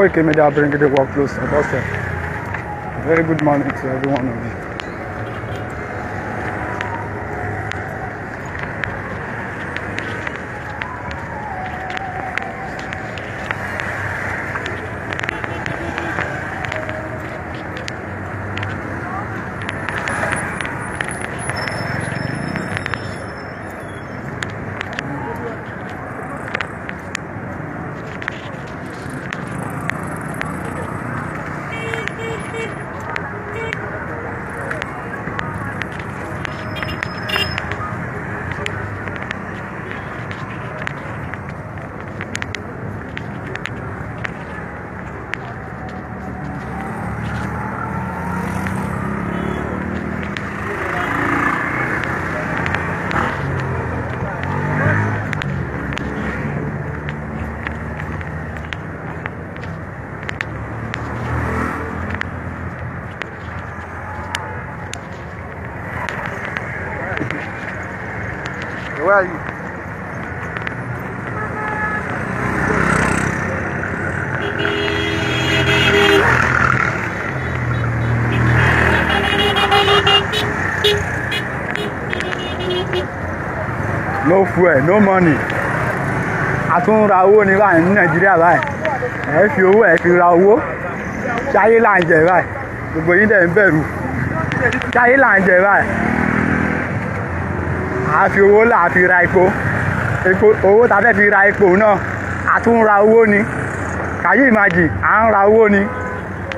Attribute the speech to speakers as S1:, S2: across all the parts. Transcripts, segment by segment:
S1: Koike Media bringing the workflows about Very good morning to everyone of you. Where no fuel no money àtúnra owó ní báyìí ní nàìjíríà báyìí ẹ fi owó ẹ fi ra owó ṣáyé là ń jẹ báyìí gbogbo yín dẹ̀ ń bẹ̀rù ṣáyé là ń jẹ báyìí à á fi owó là á fi ra epo epo owó tá a fẹ́ fi ra epo náà a tún ń ra owó ni kàyé ìmàjì à ń ra owó ni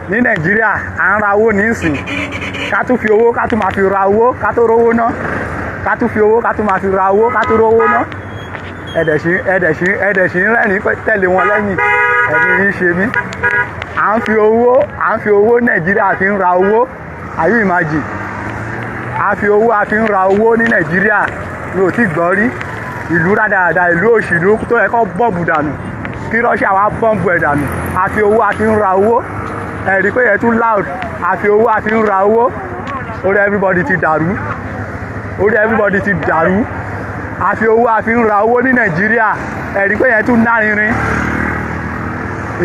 S1: ní nàìjíríà à ń ra owó nísìn ká tún fi owó ká tún máa fi ra owó ká tó rówó ná ká tún fi owó ká tún máa fi ra owó ká tó rówó ná ẹ̀dẹ̀sìn ẹ̀dẹ̀sìn ẹ̀dẹ̀sìn rẹ́rìn tẹ̀lé wọn lẹ́yìn ẹ̀mí yìí ṣe mí à ń fi owó à ń fi owó nàìjíríà fi ń ra owó àyè ìmàjì a fi owó a fi ń ra owó ní nàìjíríà mi ò tí gbọ́ rí ìlú rádaràda ìlú òṣìlú tó yẹ kó bọ́ọ̀bù dànù kí russia wá bọ́ọ̀bù ẹ̀ dànù a fi owó a fi ń ra owó ẹ̀rí pé yẹ tún loud a fi owó a fi ń ra owó orí everybody ti dàrú orí everybody ti dàrú a fi owó a fi ń ra owó ní nàìjíríà ẹ̀rí pé yẹn tún lárinrin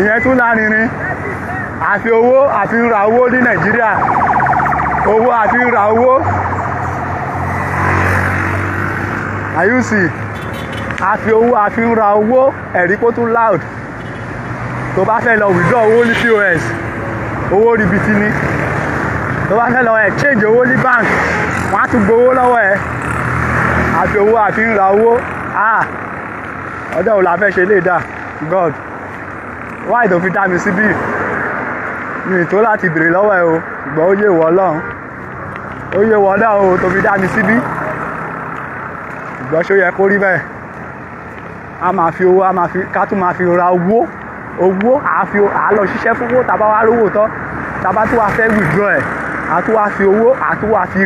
S1: ìyẹn tún lárinrin àfi owó àfi ń ra owó ní nàìjíríà owó àti ra owó àyùsì àfi owó àfi ń ra owó ẹ̀rí kó tún loud tó bá fẹ́ lọ withdraw owó ní pos owó ribiti ni tó bá fẹ́ lọ exchange owó ní bank wọ́n á tún gbowó lọ́wọ́ ẹ̀ àfi owó àfi ń ra owó ah ọjọ́ wo la fẹ́ ṣe lè god why tó fi dá mi síbí mi tó láti béèrè lọ́wọ́ ẹ o ṣùgbọ́n ó yé ìwọ ọlọ́run ó yẹ wọ́n náà o tóbi dá mi síbí ìgbọ́n ṣó yẹ kó rí bẹ́ẹ̀ a máa fi owó a máa fi ká tún máa fi ra owó owó àáfi à lọ ṣiṣẹ́ fún owó tàbá wá rówó tán tàbá tún wá fẹ́ withdraw ẹ̀ àtún wá fi owó àtún wá fi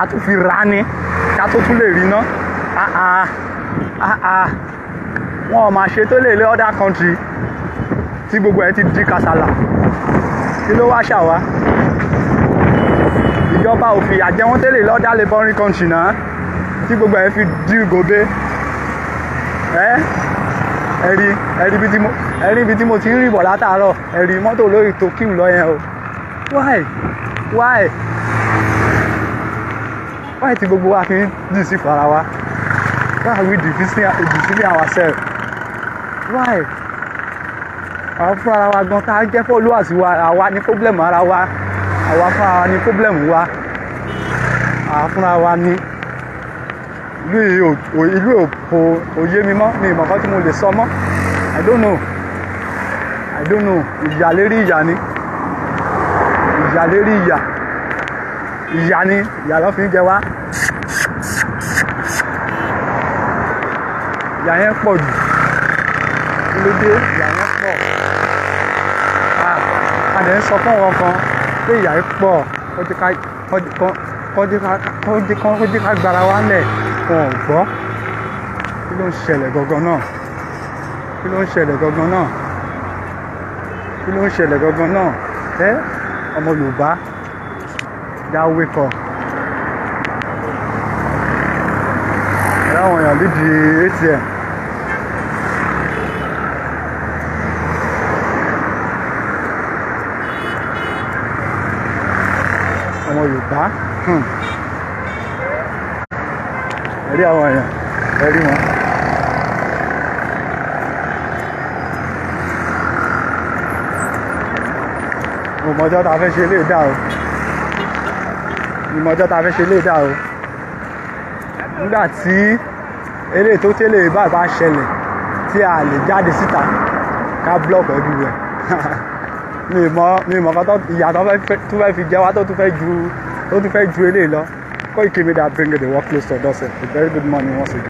S1: àtún fi rà ni ká tó tún lè rí ná wọn ò máa ṣe tó lè lé other country tí gbogbo ẹ ti di kàsálà kí ló wá ṣàwá ìjọba ò fìyà jẹ wọ́n tẹ́lẹ̀ lọ́dá labouring country náà tí gbogbo ẹ̀ fi dí gòbe ẹ ẹ̀rí ẹ̀rí ibi tí mo ẹ̀rí ibi tí mo ti ń rìn bọ̀ látàárọ̀ ẹ̀rí mọ́tò olóyè tó kíw lọ o why why why tí gbogbo wa fi ń dì sí fara wa why are we deceiving ourselves why àwọn fúnra wa gan tá a jẹ́ fọ́ olúwa wa àwa ní pọ́blẹ́mù ara wa àwa fúnra wa ní pọ́blẹ́mù wa àwa fúnra wa ní ìlú òpó òye mi mọ́ mi ìmọ̀kan tí mo lè sọ mọ́ i don't know i don't know ìyà lérí ìyà ni ìyà lérí ìyà ìyà ni ìyà ló fi ń jẹ wá ìyà yẹn pọ̀ jù kí ló dé ìyà yẹn pọ̀ ah, a lè ń sọ fún wọn kan pé ìyà yìí pọ̀ kọ́jí ká gbára wa lẹ̀ kí ló ń ṣẹlẹ̀ gangan náà kí ló ń ṣẹlẹ̀ gangan náà kí ló ń ṣẹlẹ̀ gangan náà ẹ ọmọ Yorùbá dá wake láwọn èèyàn lídìí ATM. bàbá ẹ̀rí àwọn èèyàn ẹ̀rí wọn. ìmọ̀jọ́ ta fẹ́ ṣe lè dá o ìmọ̀jọ́ ta fẹ́ ṣe lè dá o nígbà tí eré tó tẹ́lẹ̀ bàbá ṣẹlẹ̀ tí a lè jáde síta ká blọọkù everywhere mi mọ mi mọ kan tó ìyàtọ̀ tó fẹ́ fi jẹ wá tó tún fẹ́ ju ó ti fẹ́ ju eléyìí lọ Koiki Media bring the work to us A very good money once again.